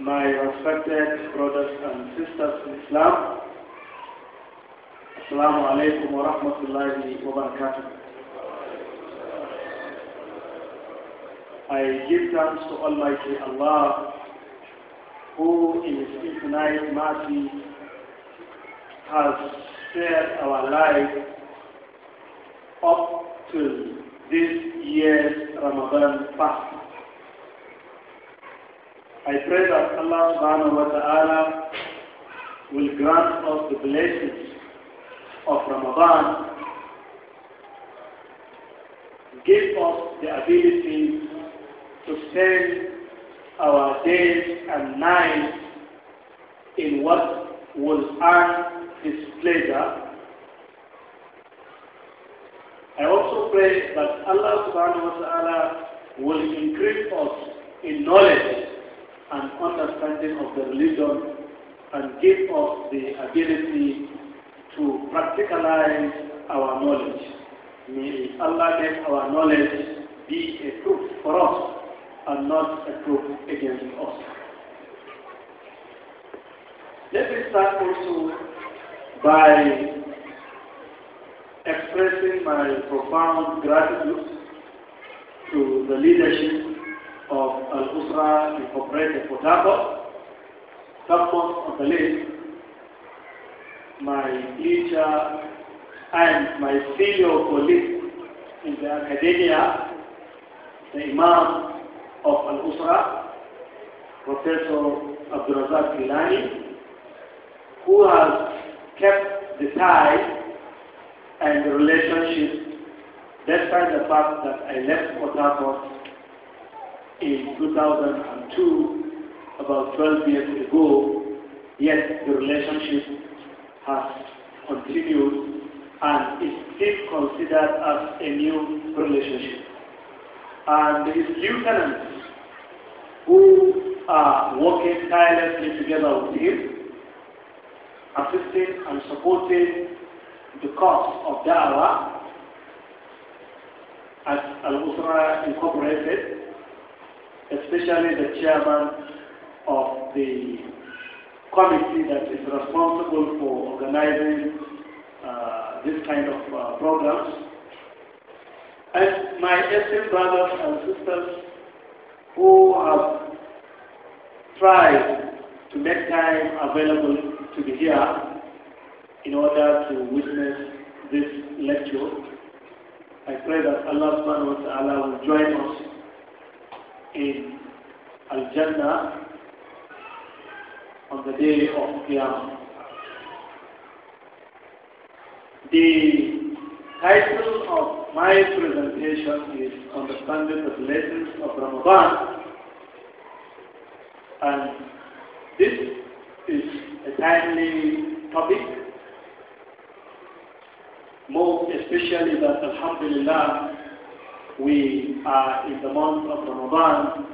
my respected brothers and sisters in Islam. Assalamu alaikum wa rahmatullahi wa barakatuh. I give thanks to Almighty Allah who in His infinite mercy has spared our life up to this year's Ramadan fast. I pray that Allah subhanahu wa ta'ala will grant us the blessings of Ramadan, give us the ability to spend our days and nights in what will earn His pleasure. I also pray that Allah subhanahu wa ta'ala will increase us in knowledge and understanding of the religion and give us the ability to practicalize our knowledge. May Allah make our knowledge be a proof for us and not a proof against us. Let me start also by expressing my profound gratitude to the leadership of Al Usra Incorporated Port Harcourt. Someone on the list, my teacher and my senior colleague in the academia, the Imam of Al Usra, Professor Abdurazak Gilani, who has kept the tie and the relationship despite the fact that I left Port Harcourt in 2002, about 12 years ago, yet the relationship has continued and is still considered as a new relationship. And his lieutenants who are working tirelessly together with him, assisting and supporting the cause of Da'wah as Al-Usra Incorporated especially the chairman of the committee that is responsible for organizing uh, this kind of uh, programs. And my esteemed brothers and sisters who have tried to make time available to be here in order to witness this lecture, I pray that Allah subhanahu wa ta'ala will join us in Al-Jannah on the day of Qiyam. The title of my presentation is Understanding the Blessings of Ramadan. And this is a timely topic, more especially that Alhamdulillah we are in the month of Ramadan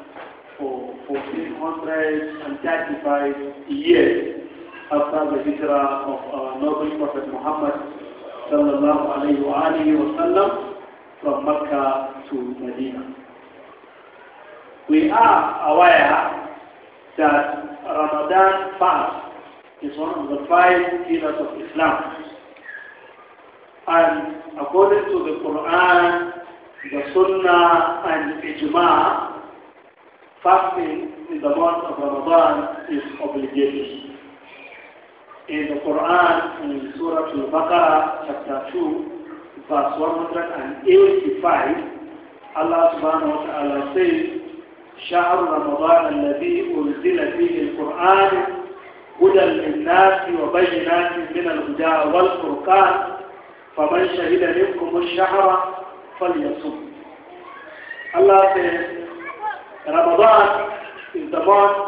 for 1435 years after the hijrah of our noble Prophet Muhammad sallallahu alayhi wa alihi wa from Mecca to Medina. We are aware that Ramadan fast is one of the five pillars of Islam. And according to the Quran, the Sunnah and Ijma, fasting in the month of Ramadan is obligatory. In the Quran, in Surah Al-Baqarah, chapter 2, verse 185, Allah subhanahu wa ta'ala says, شهر رمضان الذي أنزل فيه القرآن هدى للناس وبينات من الهدى والفرقان فمن شهد منكم الشهر فليصوم الله في رمضان انتظار